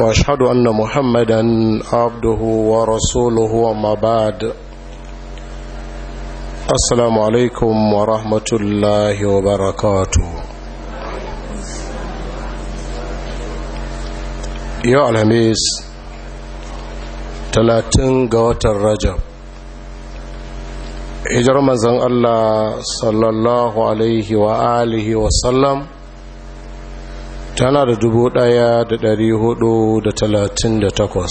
واشهد ان محمدا عبده ورسوله وما بعد السلام عليكم ورحمه الله وبركاته يا الهميس 30 ga watan rajab hijar manzon Allah sallallahu alaihi wa alihi wa sallam tana da dubu ɗaya da dari hudu da talatin da takwas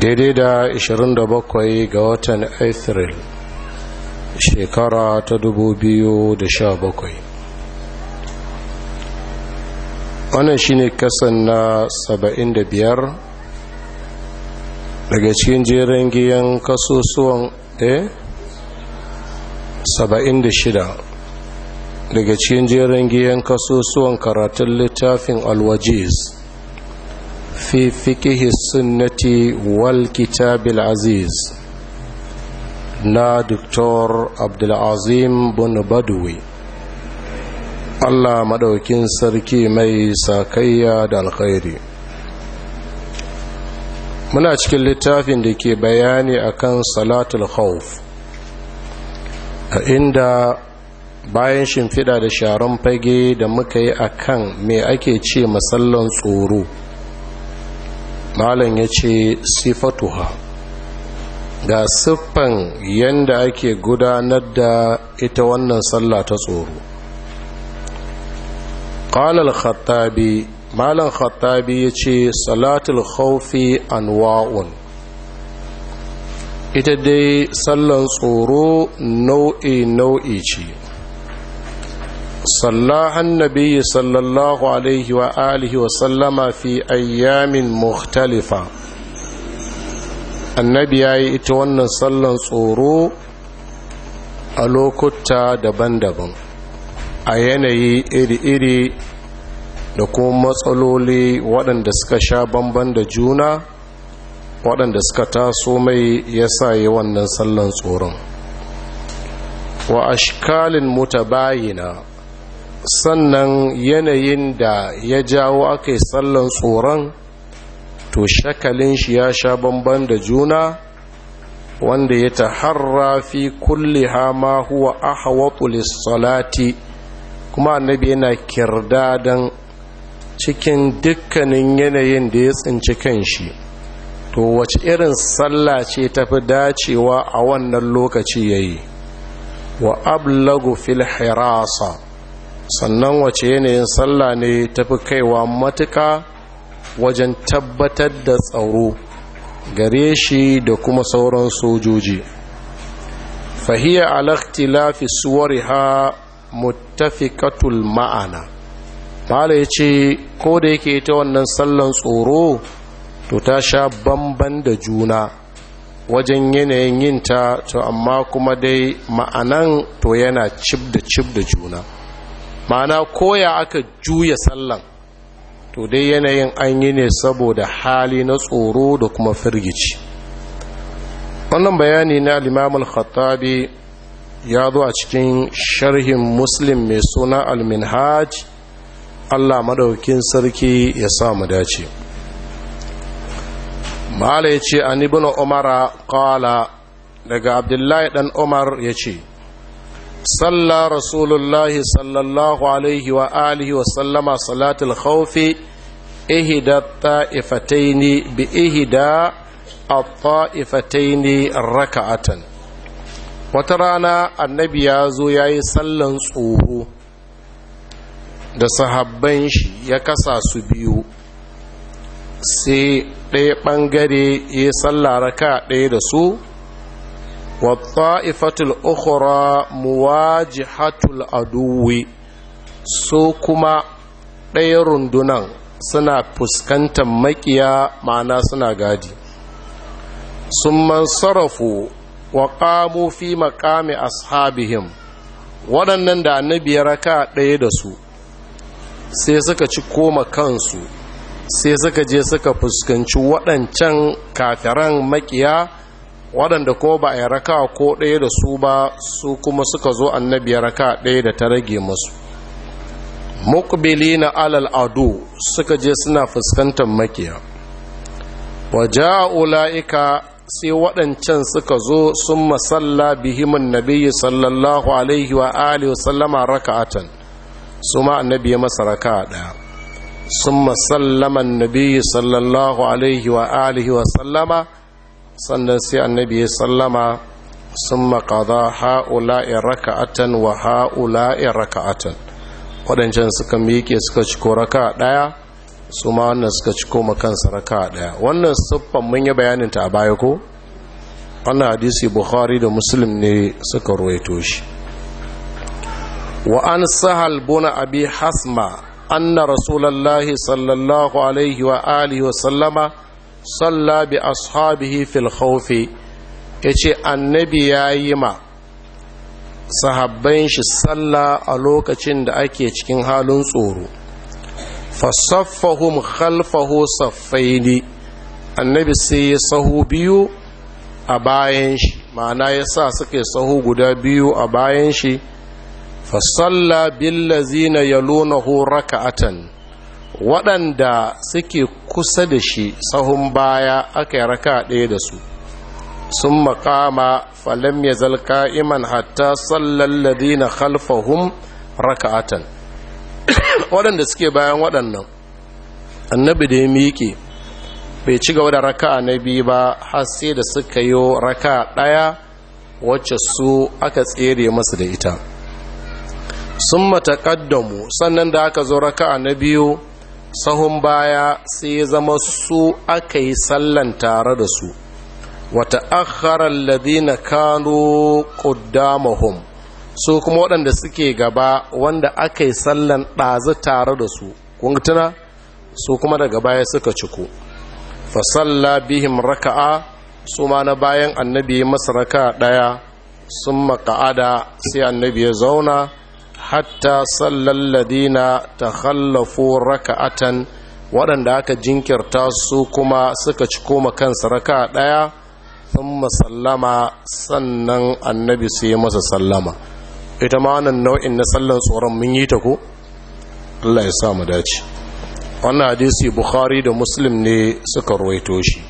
daidai da 27 ga watan Afril shekara ta 2017 wannan shine kasan na 75 daga cikin jerin giyan kasusuwan eh, da 76 daga cikin jerin giyan kasusuwan karatun littafin alwajiz fi fikihi sunnati wal kitabil aziz na dr abdulazim bin badawi allah madaukin sarki mai sakayya da alkhairi muna cikin littafin da ke bayani akan salatul khawf a inda bayan shimfiɗa da sharon fage da muka yi a kan mai ake ce matsalan tsoro malam ya ce sifatuha ga siffan yadda ake gudanar da ita wannan sallah ta tsoro ƙalal khattabi malam khattabi ya ce salatul khaufi anwa'un ita dai tsallon tsoro nau'i nau'i ce صلى النبي صلى الله عليه وآله وسلم في أيام مختلفة النبي أي إتوانا صلى صورو ألوكتا دبن دبن أيني إري إري da kuma matsaloli waɗanda suka sha bamban da juna waɗanda suka taso mai ya sa yi wannan sallan tsoron wa ta bayina. sannan yanayin da ya jawo aka yi sallan tsoron to shakalin shi ya sha bamban da juna wanda ya taharra fi kulli hama huwa ahawatu salati kuma annabi yana kirdadan cikin dukkanin yanayin da ya tsinci kan shi to wace irin sallah ce ta fi dacewa a wannan lokaci ya yi wa ablagu fil hirasa sannan wace yanayin sallah ne tafi kaiwa matuka wajen tabbatar da tsaro gare shi da kuma sauran sojoji fahiyya alaktilafi suwariha muttafikatul ma'ana mala ya ce ko da yake ta wannan sallan tsoro to ta sha bamban da juna wajen yanayin yinta to amma kuma dai ma'anan to yana cib da cib da juna ma'ana koya aka juya sallan to dai yanayin an yi ne saboda hali na tsoro da kuma firgici wannan bayani na limamul khattabi ya zo a cikin sharhin muslim mai suna Alminhaj. allah maɗaukin sarki ya mu dace mala ya ce an ibn umara kala daga abdullahi dan umar ya ce صلى رسول الله صلى الله عليه وآله وسلم صلاة الخوف إهدى الطائفتين بإهدى الطائفتين ركعة وترانا النبي يازو ياي صلى صوه da sahabban shi ya kasa su biyu sai ɗaya ɓangare ya sallara ka ɗaya da su والطائفة الأخرى مواجهة الأدو su kuma ɗaya rundunan suna fuskantar معنا ma'ana suna gadi sun وقاموا wa مقام أصحابهم waɗannan da annabi ya raka ɗaya da su sai suka ci koma kansu sai suka je suka fuskanci waɗancan kafiran maƙiya. waɗanda ko ba a yi raka ko ɗaya da su ba su kuma suka zo annabi ya raka ɗaya da ta rage masu mukbili na alal adu suka je suna fuskantar makiya a ula'ika sai waɗancan suka zo sun masalla bihimin nabiyyi sallallahu alaihi wa alihi sallama raka'atan su ma annabi ya masa raka ɗaya sun masallaman nabiyyi sallallahu alaihi wa alihi wa sallama sannan sai annabi ya sallama sun maƙada ha'ula'i raka'atan wa ha'ula'i raka'atan waɗancan suka miƙe suka ciko raka ɗaya su ma wannan suka ciko makansa raka ɗaya wannan siffan mun yi bayaninta a baya ko wannan hadisi Buhari da muslim ne suka ruwaito shi wa an sahal buna abi hasma anna rasulallahi sallallahu alaihi wa alihi wa sallama salla bi ashabihi fil khawfi yace annabi yayi ma sahabban shi salla a lokacin da ake cikin halin tsoro fasaffahum khalfahu saffaini annabi sai ya sahu biyu a bayan shi ma'ana ya sa suka sahu guda biyu a bayan shi fasalla billazina yalunahu raka'atan waɗanda suke kusa da shi sahun baya aka yi raka ɗaya da su sun makama falam ya zalka iman hatta sallalladi na khalfahum raka'atan waɗanda suke bayan waɗannan annabi da ya miƙe bai ci gaba da raka na biyu ba har sai da suka yi raka ɗaya wacce su aka tsere masu da ita sun mataƙaddamu sannan da aka zo raka na biyu sahun baya sai ya zama su aka yi sallan tare da su wata akharar ladina kano ƙuddamahum su kuma waɗanda suke gaba wanda aka yi sallan ɗazu tare da su tuna su kuma daga baya suka ciko fasalla bihim raka'a su ma na bayan annabi masa raka ɗaya sun maka'ada sai annabi ya zauna hatta sallan ladina ta khallafo raka'atan waɗanda aka jinkirta su kuma suka ci koma kansa raka ɗaya sun sallama sannan annabi sai ya masa sallama ita ma nau'in na sallan tsoron mun yi ta ku? Allah ya sa mu dace wannan hadisi bukhari da muslim ne suka ruwaito shi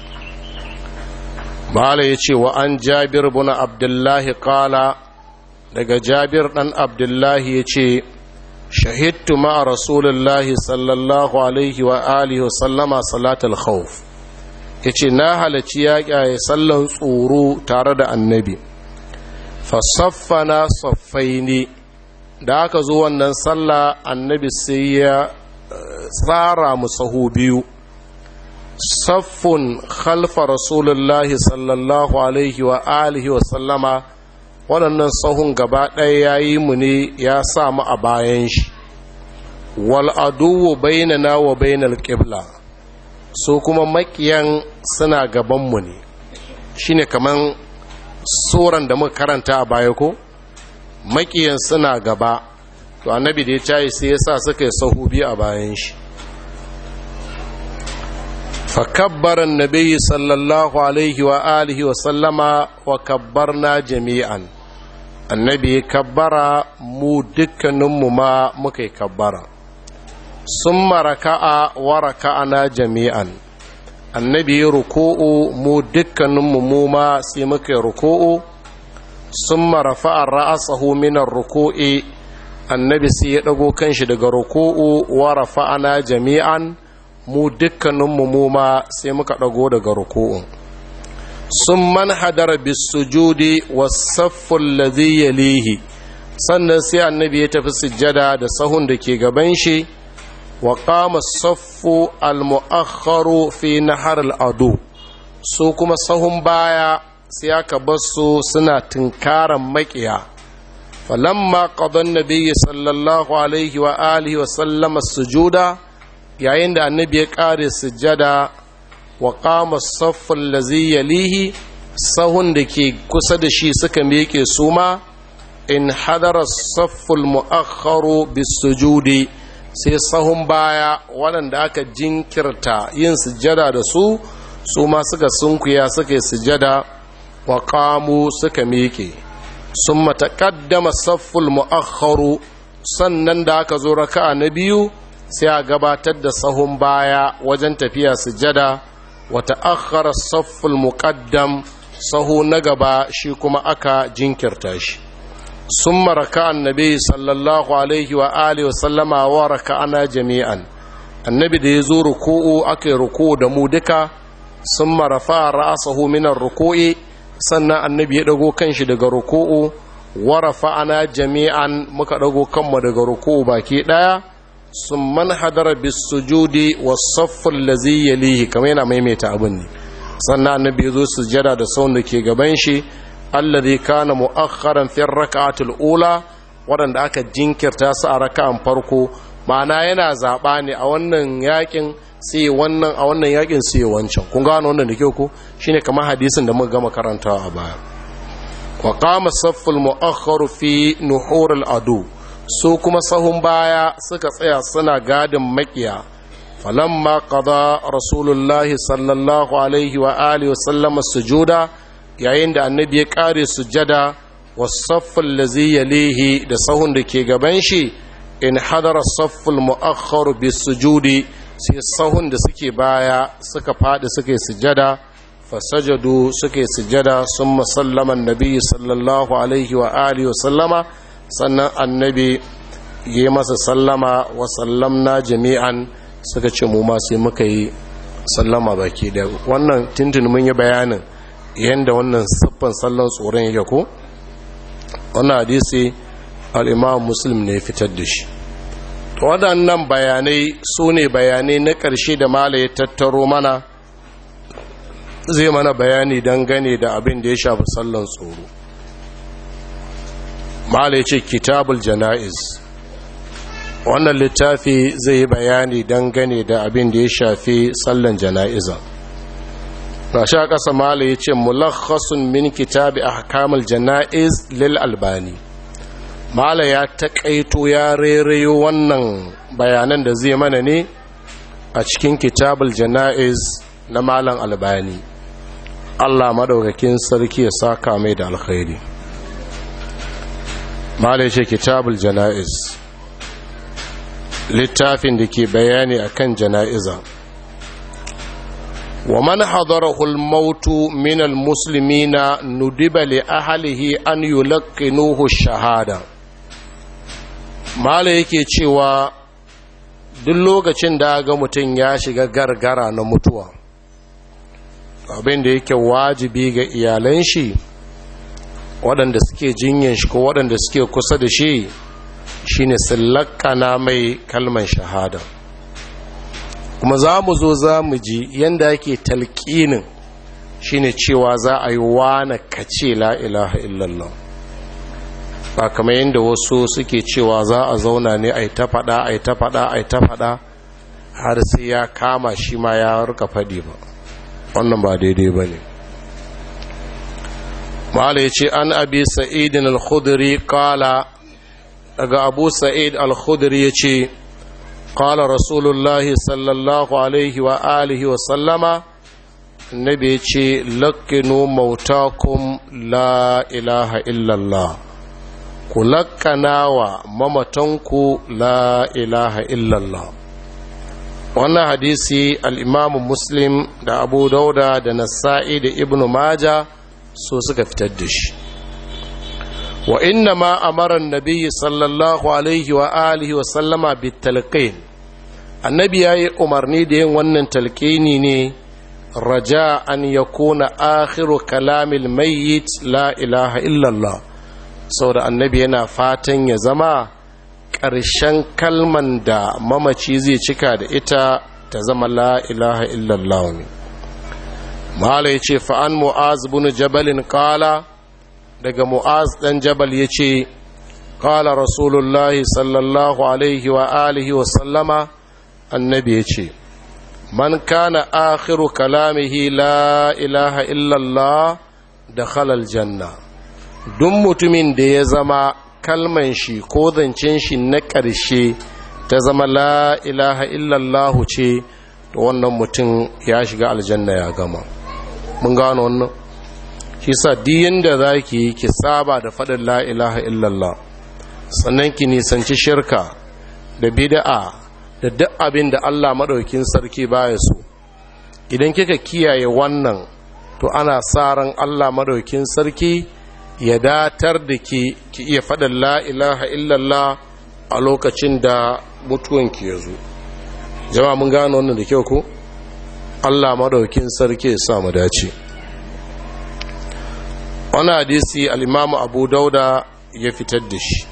mala ya ce wa an jabir buna abdullahi kala daga jabir ɗan abdullahi ya ce shahidtu ma rasulullahi sallallahu alaihi wa alihi sallama salatul khawf ya ce na halarci ƙyaye sallan tsoro tare da annabi fasaffana saffai ne. da aka zo wannan sallah annabi sai ya eh, tsara mu sahu biyu saffun khalfa rasulullahi sallallahu alaihi wa alihi wa sallama waɗannan sahun gaba ɗaya ya yi mu ne ya sa mu a bayan shi wal'aduwu bainana wa bainal ƙibla so kuma makiyan suna gabanmu ne shi ne kamar tsoron da muka karanta a baya ko makiyan suna gaba to annabi da ya cayi sai ya sa suka yi sahubi a bayan shi fakabbaran nabi sallallahu alaihi wa alihi wa sallama wa kabbarna jami'an annabi ya kabbara mu dukkaninmu ma muka yi kabbara sun maraka'a wa na jami'an annabi ya ruku'u mu dukkaninmu mu ma sai muka yi ruku'u sun marafa'a ra'asahu minar ruku'i annabi sai ya ɗago kanshi daga ruku'u wa na jami'an mu dukkaninmu mu ma sai muka ɗago daga ruku'u sun manhadar bisujudi wasaffun lazeye lehi sannan sai annabi ya tafi sujjada da sahun da ke gaban shi wa kama saffu al fi na al ado su kuma sahun baya sai aka basu suna tunkaran makiya falamma qadon nabiyyi sallallahu alaihi wa alihi wa sallama sujuda yayin da annabi ya kare sujjada wa qama as-saffal ladhi sahun da ke kusa da shi suka miƙe su ma in hadara safful sai sahun baya waɗanda aka jinkirta yin sujada da su su ma suka sunkuya suka yi sujada wa suka miƙe sun mataƙaddama saful mu'akharu sannan da aka zo raka'a na biyu sai a gabatar da sahun baya wajen tafiya sujada wata akhara safful muƙaddam sahu na gaba shi kuma aka jinkirta shi sun maraka annabi sallallahu alaihi wa alihi sallama wa raka ana jami'an annabi da ya zo ruku'u aka yi ruku'u da mu duka sun marafa ra'asahu minan ruku'i sannan annabi ya dago kanshi daga ruku'u rafa ana jami'an muka dago kanmu daga ruku'u baki daya sun man hadara bisujudi wasaffin lazi yalihi kamar yana maimaita abin ne sannan annabi ya zo sujada da saun da ke gaban shi allazi kana mu'akhkharan fi rak'atil ula waɗanda aka jinkirta su a raka'an farko ma'ana yana zaba ne a wannan yakin sai wannan a wannan yakin sai wancan kun gane wannan da kyau ko shine kamar hadisin da muka gama karantawa a baya wa qama safful mu'akhkharu fi nuhur al adu su kuma sahun baya suka tsaya suna gadin makiya falamma qada rasulullahi sallallahu alaihi wa alihi wasallama sujuda yayin da annabi ya kare sujada wasaffin lazi yalihi da sahun da ke gaban shi in hadara saffin muakhkhar bisujudi sujudi sai sahun da suke baya suka fadi suke sujada fasajadu suke sujada sun musallaman annabi sallallahu alaihi wa alihi wasallama sannan annabi ya yi masa sallama wa sallamna jami'an suka ce mu ma sai muka yi sallama baki da wannan tintin mun yi bayanin yadda wannan siffan sallan tsoron yake ko wannan hadisi al'imam muslim ne fitar da shi waɗannan bayanai su ne bayanai na ƙarshe da mala ya tattaro mana zai mana bayani gane da abin da ya shafi sallan tsoro mala ce kitabul jana'iz wannan littafi zai yi bayani dangane da abin da ya shafi sallan jana'iza na sha ƙasa mala ya ce mulakhasun min kitabi a hakamul jana'iz lil albani mala ya taƙaito ya rairayo wannan bayanan da zai mana ne a cikin kitabul jana'iz na malan albani allah maɗaukakin sarki ya saka mai da alkhairi malai ce kitabul jana'iz littafin da ke bayani a kan jana'iza wa man hadarahu al-mautu min muslimina nudiba an an nuhu shahada malai yake cewa duk lokacin da ga mutum ya shiga gargara na mutuwa abinda da yake wajibi ga iyalan shi waɗanda suke jinyan shi ko waɗanda suke kusa da shi shi shine sallakana mai kalman shahada kuma za mu zo za mu ji yadda ake talƙinin ne cewa za a yi wane kace la ilaha illallah ba kamar yadda wasu suke cewa za a zauna ne a yi ta faɗa a yi ta faɗa a yi ta faɗa har sai ya kama shi ma ya rika faɗi ba wannan ba daidai ba ne Wale ya ce an abi sa'idin al-khudri kala daga abu sa'id al-khudri ya ce kala rasulullahi sallallahu alaihi wa alihi wa sallama na ya ce lakkinu mautakum la ilaha illallah ku lakkanawa wa mamatanku la ilaha illallah wannan hadisi al'imamu muslim da abu dauda da nasa'i da ibnu maja so suka fitar da shi wa inna ma amaran nabiyyi sallallahu alaihi wa alihi wa sallama talqin, annabi yayi umarni da yin wannan talqini ne raja an yakuna akhiru kalamil mayyit la ilaha illa Allah saboda annabi yana fatan ya zama ƙarshen kalman da mamaci zai cika da ita ta zama la ilaha illallah ne mala ya ce fa'an mu'az bin jabalin kala daga mu'az ɗan jabal ya ce kala rasulullahi sallallahu alaihi wa alihi wa sallama annabi ya ce man kana akhiru kalamihi la ilaha illallah da halal janna duk mutumin da ya zama kalman shi ko zancen shi na ƙarshe ta zama la ilaha illallahu ce da wannan mutum ya shiga aljanna ya gama mun gano wannan shi sa diyin da za ki yi ki saba da faɗin la'ilaha illallah sannan ki nisanci shirka da bida'a da duk abin da allah maɗaukin sarki baya su idan kika kiyaye wannan to ana sa ran allah maɗaukin sarki ya datar da ki ki iya faɗin la'ilaha illallah a lokacin da mutuwanki ya zo jama mun gano wannan da kyau ku. Allah maɗaukin sarki ya mu dace wani hadisi al'imamu abu dauda ya fitar da shi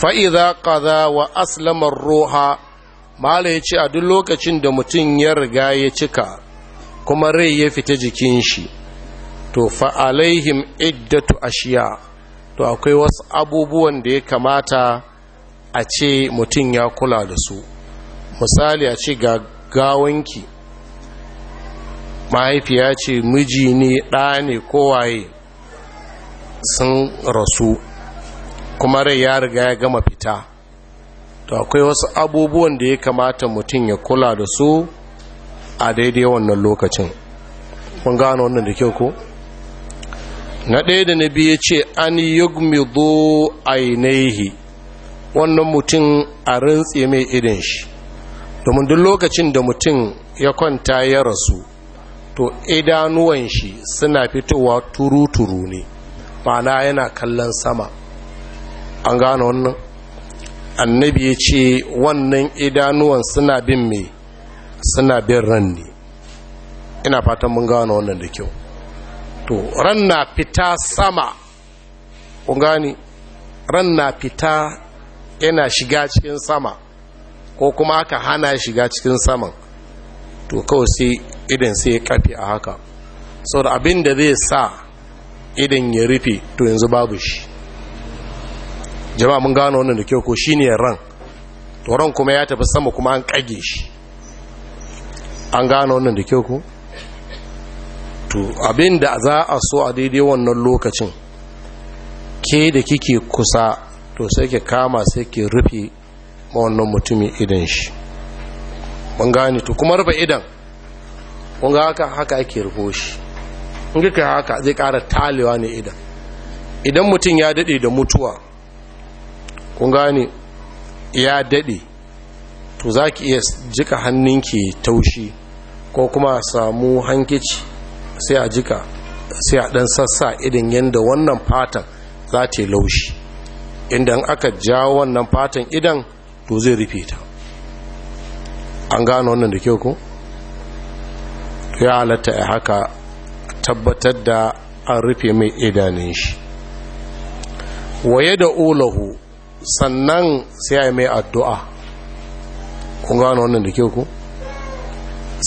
fa'iza ƙaza wa aslamar roha mala ya a duk lokacin da mutum ya riga ya cika kuma rai ya fita jikin shi to fa'alaihim iddatu ashiya to akwai wasu abubuwan da ya kamata a ce mutum ya kula da su misali a ce ga gawanki mahaifiya ce miji ne ɗa ne kowaye sun rasu kuma rai ya riga ya gama fita to akwai wasu abubuwan da ya kamata mutum ya kula da su a daidai wannan lokacin kun gano wannan da kyau ko na ɗaya da na biyu ce an na ainihi wannan mutum a rintse mai irin shi domin duk lokacin da mutum ya kwanta ya rasu to idanuwan shi suna fitowa turu-turu ne ma'ana yana kallon sama an gane wannan annabi ya ce wannan idanuwan suna bin me suna bin ran ne ina fatan mun gane wannan da kyau to ran na fita sama kun gane ran na fita yana shiga cikin sama ko kuma aka hana shiga cikin saman to kawai sai idan sai ya kafe a haka sau da abin da zai sa idan ya rufe to yanzu babu shi jama'a mun gano wannan da kyau ko shi ne ran to ran kuma ya tafi sama kuma an kage shi an gano wannan da kyau ko to abin da za a so a daidai wannan lokacin ke da kike kusa to sai ke kama sai ke rufe ma wannan mutumin idan shi mun gane to kuma rufe idan Kunga haka haka ake rufo shi in kika haka zai ƙara talewa ne idan idan mutum ya daɗe da mutuwa kun gane ya daɗe to za ki iya jika hannun hannunki taushi ko kuma samu hankici sai a jika sai a ɗan sassa idan yadda wannan fatan za ta yi laushi inda aka jawo wannan fatan idan to zai rufe ta an gano wannan da kyau ko? ya halatta a haka tabbatar da an rufe mai idanun shi waye da olahu sannan sai a mai addu'a kun gano wannan da ke ku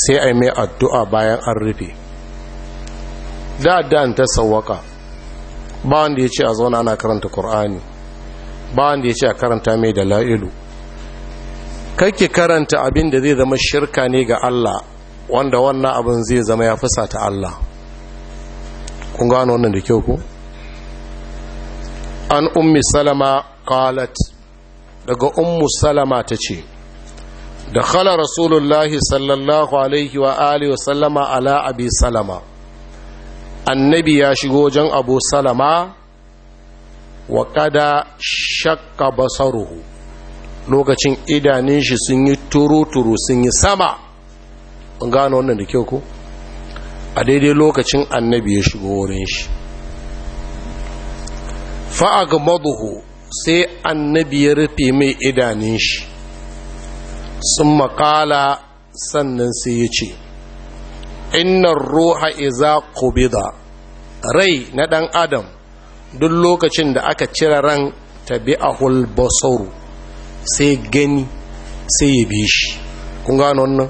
sai a mai addu'a bayan an rufe da ta sawwaka ba wanda ya ce a zauna ana karanta Kur'ani, ba wanda ya ce a karanta mai da la'ilu kake karanta abin da zai zama shirka ne ga Allah wanda wannan abin zai zama ya fusa ta Allah kun gano wannan da kyau ku an ummi salama qalat daga ummu salama ta ce da khala rasulullahi sallallahu alaihi wa alihi sallama ala abi salama annabi ya shigo wajen abu salama wa kada shakka basaruhu lokacin idanun shi sun yi turu-turu sun yi sama gano wannan da kyau ko a daidai lokacin annabi ya shigo wurin shi fa'agbaduhu sai annabi ya rufe mai idanun shi sun makala sannan sai ya ce innan ruha iza kubida rai na ɗan adam duk lokacin da aka cire ran tabi'ahul basaru sai gani sai ya bi shi kun gano wannan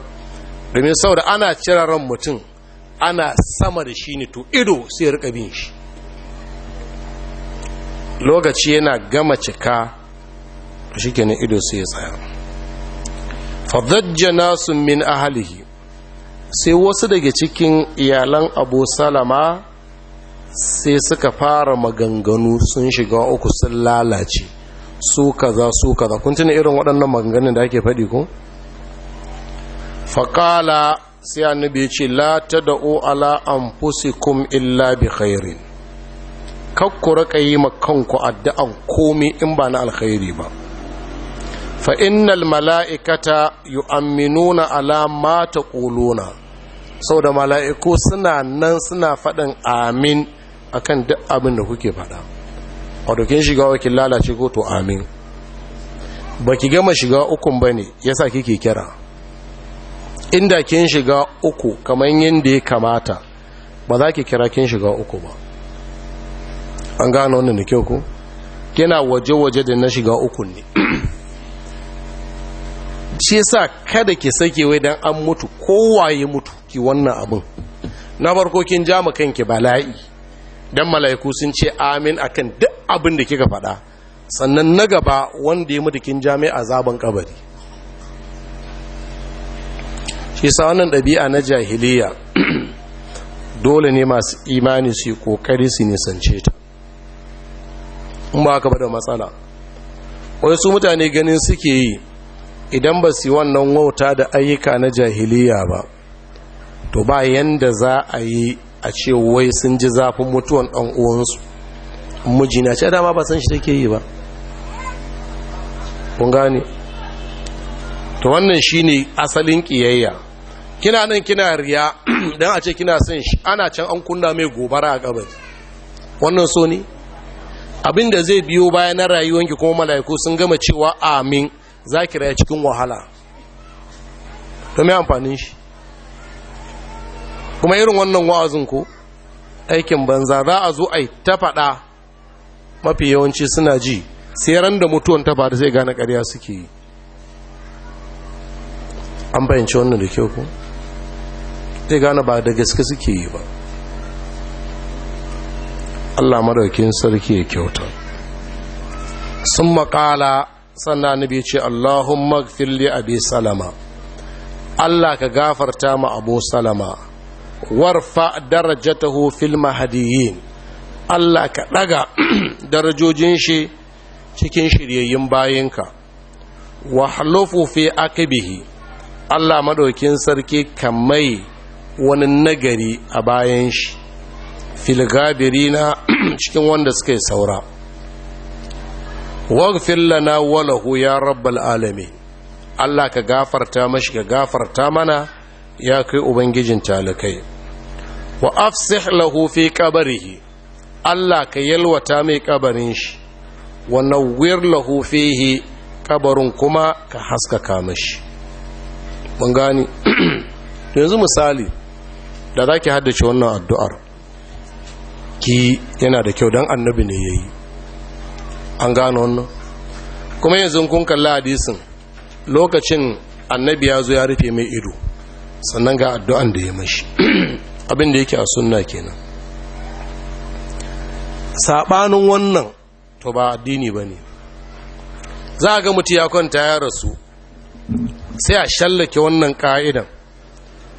domin saboda ana cira ran mutum ana sama da shi ne to ido sai ya rika bin shi lokaci yana gama cika shi ke ido sai ya tsaya fadajja nasu min ahalihi sai wasu daga cikin iyalan abu salama sai suka fara maganganu sun shiga uku sun lalace su kaza su kaza kun tuna irin waɗannan maganganun da ake faɗi ko? faƙala sai annabi ce la ta da'o ala an kum illa bi khairin kakku raka yi kanku adda'an komi in ba na alkhairi ba fa innal mala'ikata yu'amminuna ala ƙuluna, sau da mala'iku suna nan suna faɗin amin akan duk abin da kuke faɗa wato kin shiga wakil lalace ko to amin baki gama shiga ukun ba ya yasa kike kira inda kin shiga uku kamar yadda ya kamata ba za ki kira kin shiga uku ba an gano wannan da kyau ku kina waje-waje da na shiga uku ne shi sa kada ki sake wai don an mutu kowaye mutu ki wannan abin na farko kin ja kanki bala'i Don mala'iku sun ce amin akan duk abin da kika faɗa sannan na gaba wanda ya mutu kin ja mai azaban kabari shi sa wannan ɗabi'a na jahiliya dole ne masu imani su yi ƙoƙari su nisance ta in ba ka ba da matsala wai su mutane ganin suke yi idan ba su yi wannan wauta da ayyuka na jahiliya ba to ba yanda za a yi a ce wai sun ji zafin mutuwan ɗan uwansu mijina ce dama ba san shi take yi ba kun gane to wannan shine asalin ƙiyayya kina nan kina riya dan a ce kina son shi ana can an kunna mai gobara a kabari wannan so ne abin zai biyo bayan na rayuwanki kuma mala'iku sun gama cewa amin za ki raya cikin wahala to mai amfanin shi kuma irin wannan wa'azin ko aikin banza za a zo a ta faɗa mafi yawanci suna ji sai ran da mutuwan ta faru zai gane ƙarya suke yi an bayanci wannan da kyau ko zai gane ba da gaske suke yi ba allah madaukin sarki ya kyauta sun makala sannan nabi ce allahun magfili abi salama allah ka gafarta ma abu salama warfa darajatahu fil mahadiyin allah ka daga darajojin shi cikin shiryayyun bayinka wa halufu fi akibihi Allah madaukin sarki kamai wani nagari a bayan shi filgabiri na cikin wanda suka yi saura waghfir lana walahu ya rabbal alami, Allah ka gafarta mashi ka gafarta mana ya kai ubangijin talakai wa afsih lahu fi kabarihi Allah ka yalwata mai kabarin shi wa nawwir lahu fihi kabarin kuma ka haskaka mashi mun gani yanzu misali da za ki haddace wannan addu'ar ki yana da kyau don annabi ne ya yi an gano wannan kuma yanzu kun kalla hadisin lokacin annabi ya zo ya rufe mai ido sannan ga addu'an da ya mashi abinda yake a sunna kenan saɓanin wannan to ba addini ba ne za a ga mutu ya kwanta ya rasu sai a shallake wannan ka'idan.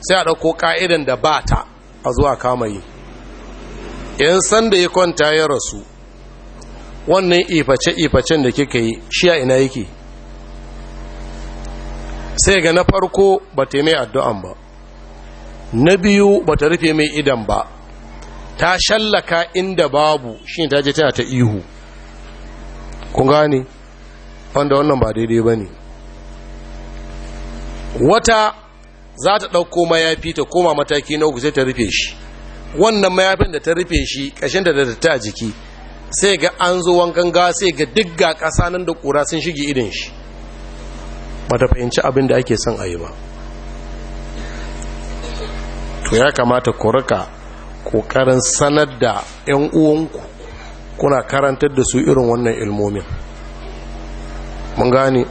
sai a ɗauko ƙa'idan da ba ta a zuwa kama yi yan sanda ya kwanta ya rasu wannan iface-ifacen da kika yi shi a ina yake sai ga na farko ba ta mai addu'an ba na biyu ba ta rufe mai idan ba ta shallaka inda babu shi ta je tana ta ihu kun gane wanda wannan ba daidai ba ne wata za ta ɗauko mayafi ta koma mataki na uku sai ta rufe shi wannan mayafin da ta rufe shi ƙashin da ta ta jiki sai ga an zo wankan gawa sai ga duk ga ƙasa nan da ƙura sun shige idin shi ba ta fahimci abin da ake son a yi ba to ya kamata ku rika ƙoƙarin sanar da 'yan uwanku kuna karantar da su irin wannan ilmomin mun gane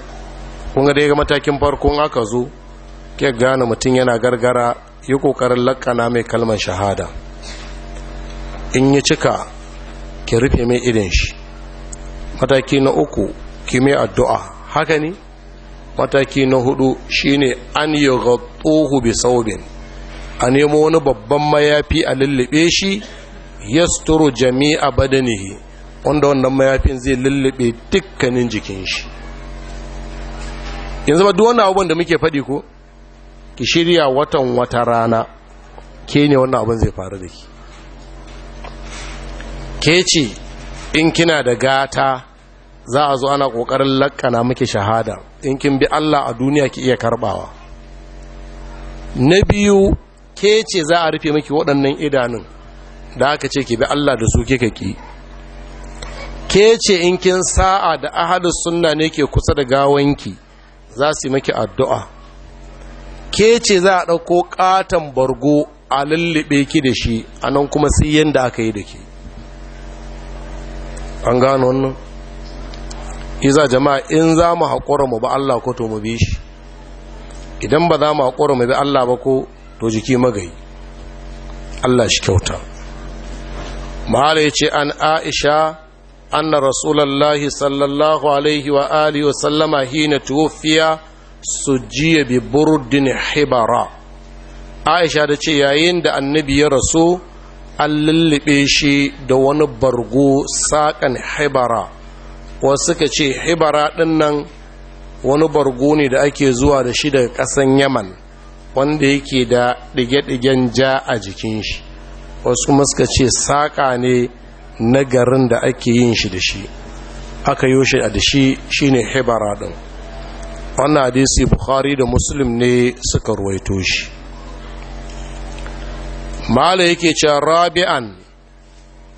kun ga ga matakin farkon aka zo ke gane mutum yana gargara yi kokarin lakana mai kalmar shahada in yi cika ki rufe mai irin shi mataki na uku ki mai addu'a haka ne mataki na hudu shine an yi gatsohu bi saubin a nemo wani babban mayafi a lullube shi ya yasturu jami'a badanihi wanda wannan mayafin zai lullube dukkanin jikin shi yanzu ba duk abubuwan da muke faɗi ko ki shirya watan wata rana ke ne wannan abin zai faru da ki ke ce in kina da gata za a zo ana ƙoƙarin lakkana muke shahada in kin bi Allah a duniya ki iya karbawa na biyu ke ce za a rufe miki waɗannan idanun da aka ce ki bi Allah da su kika ki ke ce in kin sa'a da ahalus sunna ne ke kusa da gawanki za su yi miki addu'a ke ce za a ɗauko ƙaton bargo a lullube ki da shi a nan kuma sai yadda aka yi da ke an gano wannan iza jama'a in za mu haƙura mu ba Allah ko to mu bi shi idan ba za mu haƙura mu bi Allah ba ko to jiki magai Allah shi kyauta mahala ya ce an aisha na rasulallah sallallahu alaihi wa alihi wa sallama hina tuwfiya sujiya bi burdin hibara aisha da ce yayin da annabi ya rasu an lullube shi da wani bargo saƙan hibara wasu suka ce hibara din nan wani bargo ne da ake zuwa da shi daga ƙasan yaman wanda yake da ɗige-ɗigen ja a jikin shi wasu kuma suka ce saƙa ne na garin da ake yin shi da shi aka yi shi a da shi shine hibara ɗin wannan hadisi bukhari da muslim ne suka ruwaito shi mala yake cewa rabi'an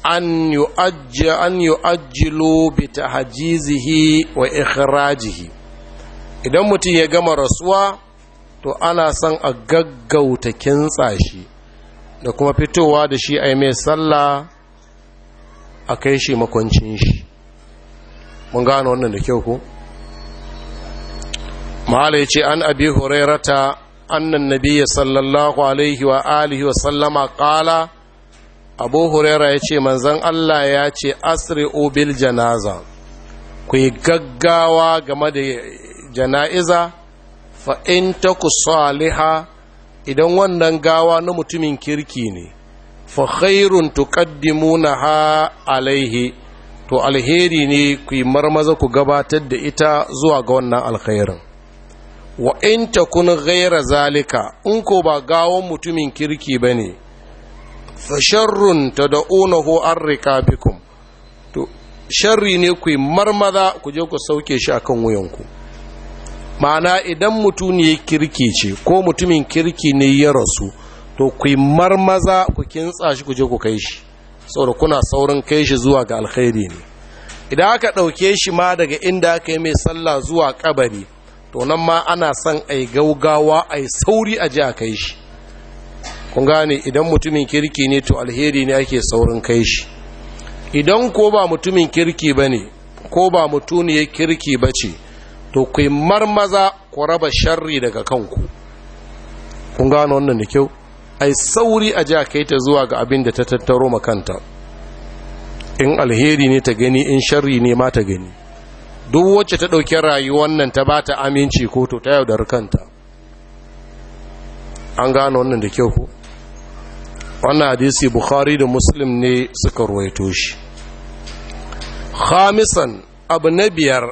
an yu'ajja an yu'ajjilu bi tahjizihi wa ikhrajihi idan mutum ya gama rasuwa to ana son a gaggauta kinsa shi da kuma fitowa da shi yi mai sallah a kai shi makoncin shi mun gano wannan da kyau ko mahala ya ce an abi hurairata annan nabiya sallallahu alaihi wa alihi wa sallama kala abu huraira ya ce manzan allah ya ce asiri obil janaza ku yi gaggawa game da jana'iza fa'in ta ku saliha idan wannan gawa na mutumin kirki ne fa khairun ha alaihi to alheri ne ku yi marmaza ku gabatar da ita zuwa ga wannan alkhairin wa in kuna gaira zalika in ko ba gawon mutumin kirki bane fa sharrun rika arrikabikum to sharri ne ku marmaza ku je ku sauke shi akan wuyanku ma'ana idan mutum ya kirki ce ko mutumin kirki ne ya rasu to ku marmaza ku kintsa shi ku je ku kai shi saboda kuna saurin kai shi zuwa ga alkhairi ne idan aka ɗauke shi ma daga inda aka yi mai sallah zuwa kabari to ma ana son a yi gaugawa a yi sauri a ji a kai shi kun gane idan mutumin kirki ne to alheri ne ake saurin kai shi idan ko ba mutumin kirki ba ne ko ba mutuniyar kirki ba ce to ku marmaza ku raba sharri daga kanku kun gane wannan da kyau a yi sauri a ji a kai ta zuwa ga abin da ta tattaro makanta in alheri ne ta gani in sharri ne ma ta gani duk wacce ta ɗauki rayuwar nan ta ba ta aminci ko to ta yaudar kanta an gano wannan da kyau ko wannan hadisi bukhari da muslim ne suka ruwaito shi khamisan abu na biyar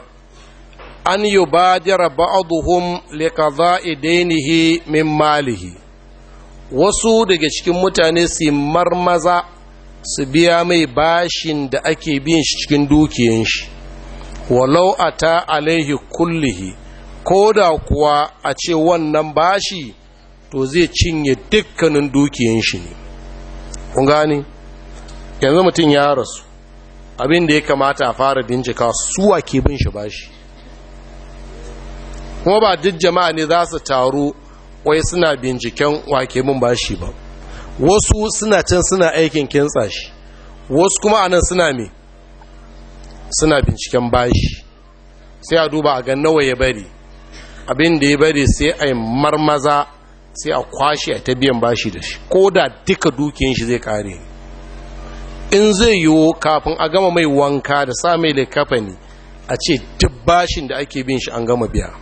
an yi badira ba'aduhum dainihi min malihi wasu daga cikin mutane su marmaza su biya mai bashin da ake bin shi cikin dukiyan shi walau a ta alaihi kullihi ko da kuwa a ce wannan bashi to zai cinye dukkanin dukiyan shi ne kun gani yanzu mutum ya rasu abinda ya kamata a fara bincika su a kebin shi bashi kuma ba duk jama'a ne za su taru wai suna binciken wake bin bashi ba wasu suna can suna aikin kintsa shi wasu kuma anan suna mai suna binciken bashi sai a duba a ga nawa ya bari abin da ya bari sai a yi marmaza sai a kwashe a ta biyan bashi da shi ko da duka dukiyan shi zai kare in zai yiwu kafin a gama mai wanka da sa mai likafani a ce duk bashin da ake bin shi an gama biya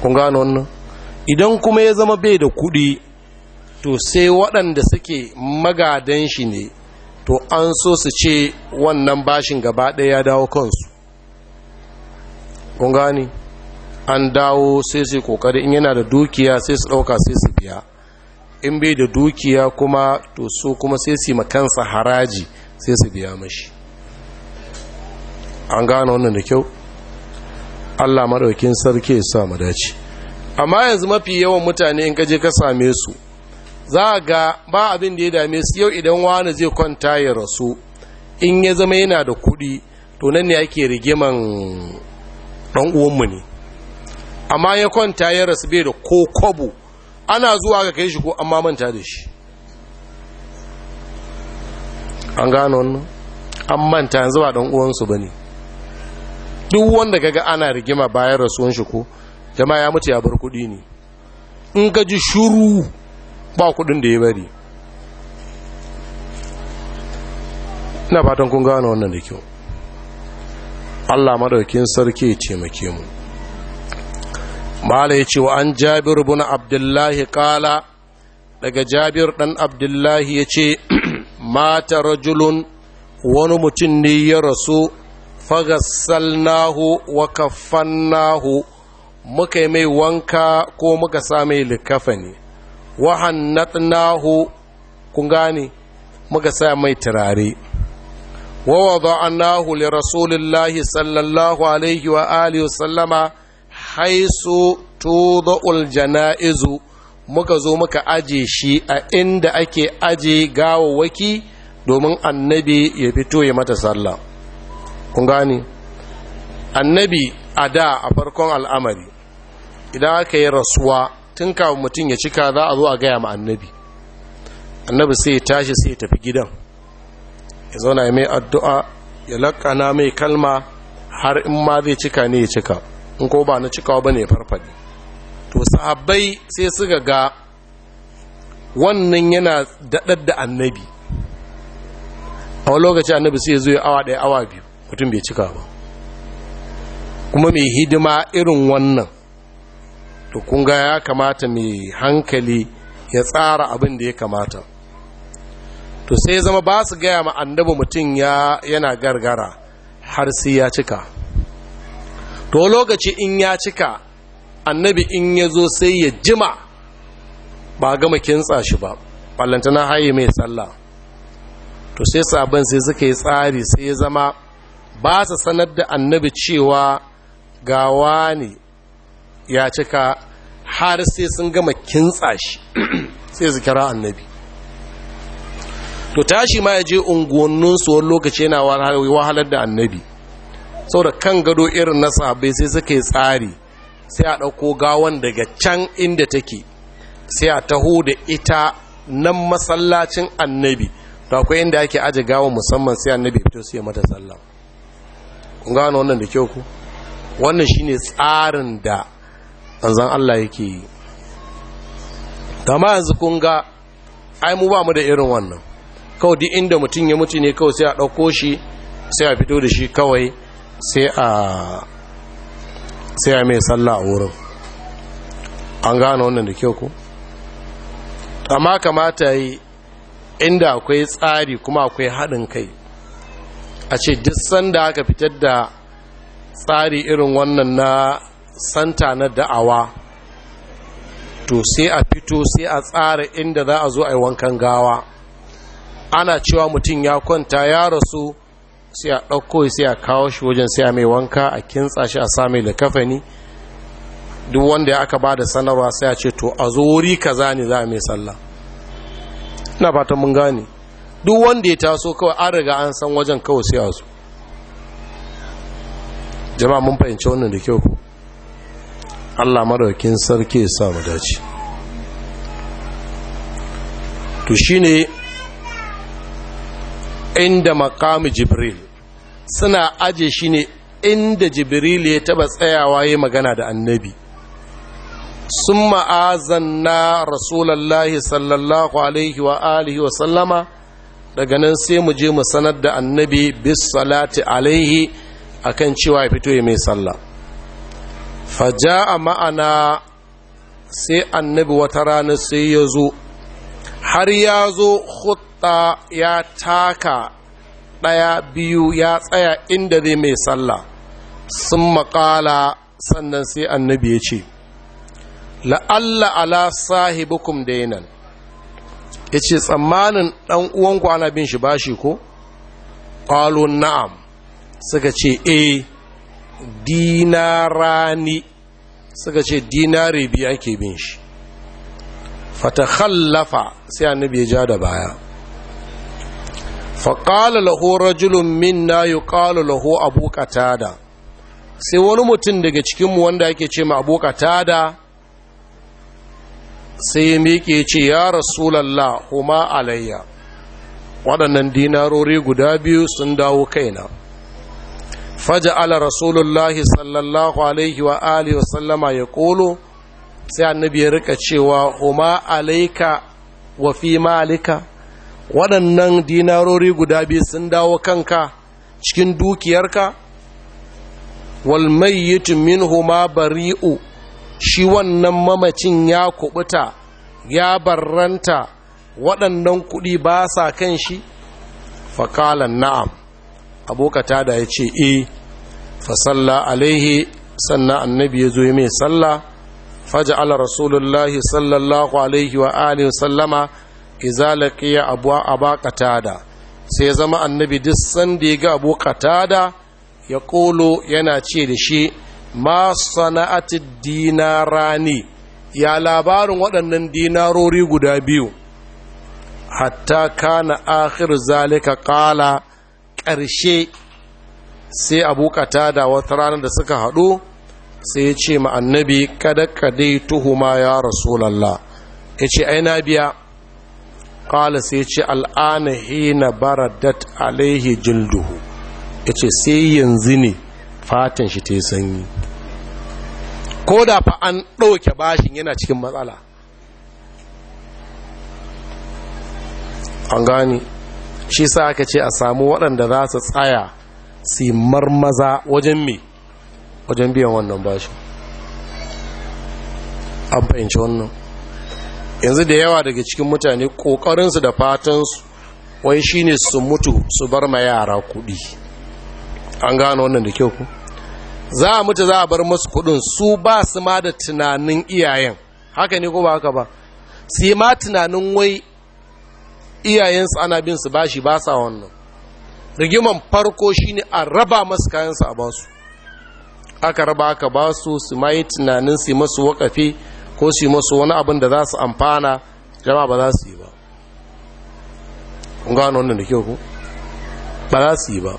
kun gano wannan idan kuma ya zama bai da kuɗi to sai waɗanda suke magadan shi ne to an so su ce wannan bashin gaba ɗaya ya dawo kansu kun gani an dawo sai su kokari in yana da dukiya sai su ɗauka sai su biya in bai da dukiya kuma to so kuma sai su yi makansa haraji sai su biya mashi an gane wannan da kyau allah maɗaukin sarki ya sa mu dace amma yanzu mafi yawan mutane in kaje ka same su za ga ba abin da ya dame su yau idan wani zai kwanta ya rasu in ya zama yana da kuɗi to nan ne ake rigiman ɗan uwanmu ne amma ya kwanta ya rasu bai da ko kwabo ana zuwa ga kai shi ko amma manta da shi an gano wannan an manta yanzu ba ɗan uwansu ba ne duk wanda kaga ana rigima bayan rasuwan shi ko jama'a ya mutu ya bar kuɗi ne in ka ji shuru ba kuɗin da ya bari ina fatan kun gane wannan da kyau allah maɗaukin sarki ya taimake mu mala ya ce wa an jabiru buna abdullahi kala daga jabir ɗan abdullahi ya ce mata rajulun wani mutum ne ya rasu fagassalnahu wa kafannahu muka yi mai wanka ko muka sa mai likafa ne wahannatnahu kun gane muka sa mai turare Wa wada'nahu li rasulillahi sallallahu alaihi wa alihi sallama haisu tudul jana'izu muka zo muka aje shi a inda ake aje waki domin annabi ya fito ya mata sallah kun gane annabi a da a farkon al'amari idan aka yi rasuwa tun kafin mutum ya cika za a zo a gaya ma annabi annabi sai ya tashi sai ya tafi gidan ya zauna ya mai addu'a ya lakana mai kalma har in ma zai cika ne ya cika in ko ba na cikawa ba ne ya farfade to sahabbai sai suka ga wannan yana daɗar da annabi a wani lokaci annabi sai ya zo ya awa ɗaya awa biyu mutum bai cika ba kuma mai hidima irin wannan to kunga ya kamata mai hankali ya tsara abin da ya kamata to sai zama ba su gaya ma annabi mutum yana gargara har sai ya cika to lokaci in ya cika annabi in ya zo sai ya jima ba gama kintsa shi ba ballantana haye mai sallah to sai sabon sai suka yi tsari sai ya zama ba su sanar da annabi cewa gawa ne ya cika har sai sun gama kintsa shi sai su kira annabi to tashi ma ya je unguwanninsu wani lokaci yana wahalar da annabi sau da kan gado irin na sabai sai suka yi tsari sai a ɗauko gawan daga can inda take sai a taho da ita nan masallacin annabi da akwai inda ake aji gawan musamman sai annabi fito sai mata sallah kun gano wannan da kyau ku wannan shine tsarin da manzan Allah yake yi kama yanzu kun ga ai mu ba mu da irin wannan kawai duk inda mutum ya mutu ne kawai sai a ɗauko shi sai a fito da shi kawai sai a sai a mai sallah a wurin an gane wannan da kyau ku amma kamata yi inda akwai tsari kuma akwai haɗin kai a ce duk sanda aka fitar da tsari irin wannan na santa na da'awa to sai a fito sai a tsara inda za a zo a yi wankan gawa ana cewa mutum ya kwanta ya rasu sai a ɗauko sai a kawo shi wajen sai a mai wanka a kintsa shi a sami da kafani duk wanda ya aka ba da sanarwa sai a ce to a zo wuri kaza ne za a mai sallah ina fatan mun gane duk wanda ya taso kawai an riga an san wajen kawai sai a zo jama'a mun fahimci wannan da kyau Allah maraukin sarki ya samu dace to shine inda makamu jibril suna aje shine inda jibril ya taba tsayawa ya magana da annabi sun ma'azan na rasulallahi sallallahu alaihi wa alihi wa sallama daga nan sai mu je mu sanar da annabi bis salati alaihi akan cewa ya fito ya mai sallah faja a ma'ana sai annabi wata rana sai ya zo har ya zo hutta ya taka ɗaya biyu ya tsaya inda zai mai sallah sun maƙala sannan sai annabi ya ce la'alla ala sahibukum dainan ya ce tsammanin ɗan uwanku ana bin shi bashi ko ƙwalo na'am suka ce eh dinarani suka ce dinari biyu ake bin shi fatakhallafa sai annabi ya ja da baya faƙala laho rajulun minna yi ƙalu laho abu da. sai wani mutum daga cikinmu wanda ake ce ma abu da sai ya miƙe ce ya rasulallah huma alayya waɗannan dinarori guda biyu sun dawo kaina faja'ala rasulullahi sallallahu alaihi wa alihi wa sallama ya kolo sai annabi ya rika cewa huma alaika wa fi malika waɗannan dinarori guda biyu sun dawo kanka cikin dukiyarka wal mayyitu minhuma bari'u shi wannan mamacin ya kubuta ya barranta waɗannan kuɗi ba sa kan shi faƙalan na'am abokata da ya ce e eh, fasalla alaihi sannan annabi ya zo ya mai salla ala rasulullahi sallallahu alaihi wa alihi sallama izalaqiya abu baka da sai zama annabi duk sanda ya ga abokata da ya kolo yana ce da shi ma sana'atid dinarani ya labarin waɗannan dinarori guda biyu hatta kana akhir zalika qala ƙarshe sai abu da wata ranar da suka haɗu sai ya ce ma annabi dai tuhu tuhuma ya rasulallah ya ce aina biya ƙala sai ya ce al'ana hina baradat alaihi jilduhu ya ce sai yanzu ne fatan shi ta yi sanyi ko da fa an ɗauke bashin yana cikin matsala an gani shi sa aka ce a samu waɗanda za su tsaya su marmaza wajen me wajen biyan wannan bashi an fahimci wannan yanzu da yawa daga cikin mutane ƙoƙarinsu da fatansu wai shine su mutu su bar ma yara kuɗi an gano wannan da kyau ku za a mutu za a bar masu kuɗin su ba su ma da tunanin iyayen haka ne ko ba haka ba su yi ma tunanin wai iyayensu ana bin su bashi ba sa wannan rigiman farko shine a raba masu kayansu a basu aka raba aka basu su ma yi tunanin su masu wakafi ko su masu wani abin da za su amfana jama'a ba za su yi ba kun gano wannan da kyau ku ba za su yi ba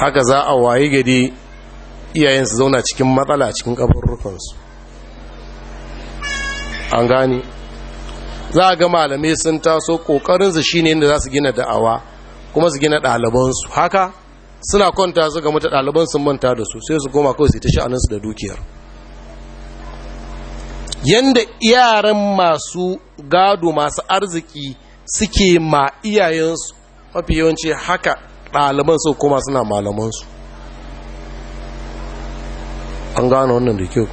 haka za a wayi gari iyayensu zauna cikin matsala cikin kaburrukansu an gane za ga malamai sun taso kokarinsu shine inda za su gina da'awa kuma su gina ɗalibansu haka suna kwanta su ga mutu ɗaliban sun manta da su sai su goma kawai su ta sha'aninsu da dukiyar Yadda yaran masu gado masu arziki suke ma iyayensu mafi yawanci haka ɗaliban su koma suna malamansu an gano wannan da kyau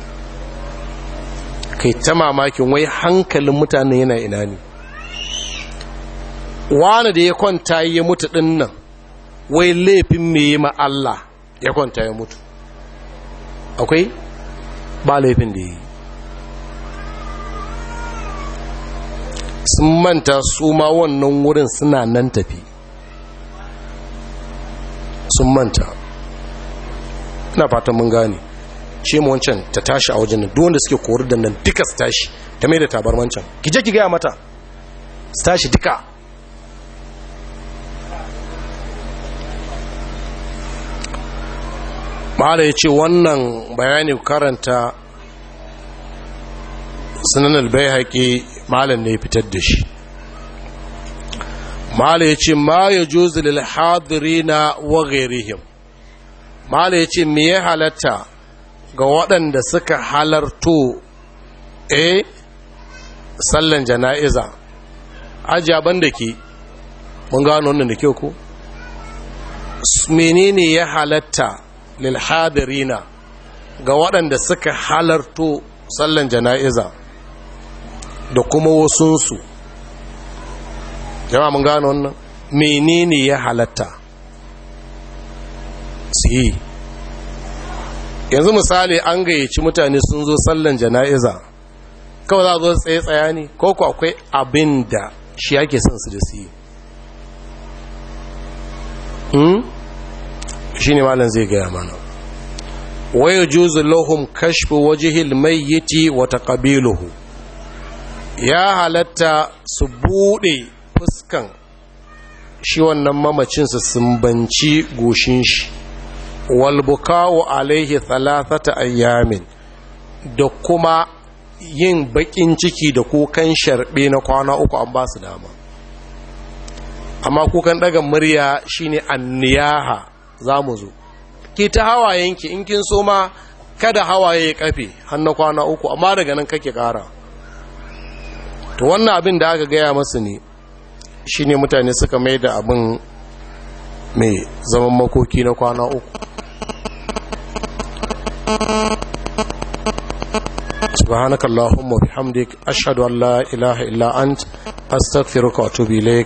kai ta mamakin wai hankalin mutanen yana ina ne wani da ya kwanta ya mutu ɗin nan wai laifin mai ma Allah ya kwanta ya mutu akwai ba laifin da ya yi sun manta su ma wannan wurin suna nan tafi sun manta ina fatan mun gane ce mu wancan ta tashi a wajen nan duk wanda suke korar da nan duka su tashi ta mai da wancan ki je ki gaya mata su tashi duka ma'ala ya ce wannan bayani karanta sunan albai haƙi malam ne fitar da shi ma'ala ya ce ma ya juzi hadiri na wa gairihim ma'ala ya ce me ya halatta ga waɗanda suka halarto e sallan jana'iza ajaban da ke mun gano wannan da kyau ko menene ya halatta lil hadirina ga waɗanda suka halarto sallan jana'iza da kuma wasunsu jama'a mun gano wannan menene ya halatta su yi yanzu misali an gayyaci mutane sun zo sallan jana'iza kawai za a zo tsaye tsaya ne ko ku akwai abin da shi yake son su da su yi hmm? shi ne malam zai gaya mana waye juzu lahum kashfu wajihil mayyiti wa taqabiluhu ya halatta su bude fuskan shi wannan mamacin su banci goshin shi walbukawo alaihi ta ayyamin da kuma yin bakin ciki da kukan sharbe na kwana uku an ba su dama amma kukan daga murya shine anniyaha za mu zo ki ta hawayenki in kin so ma kada hawaye ya kafe har na kwana uku amma daga nan kake kara to wannan abin da aka gaya masu ne shine mutane suka mai da abin mai zaman makoki na kwana uku subhanakallahumma bihamdik ashhadu an la ilaha illa ant astaghfiruka wa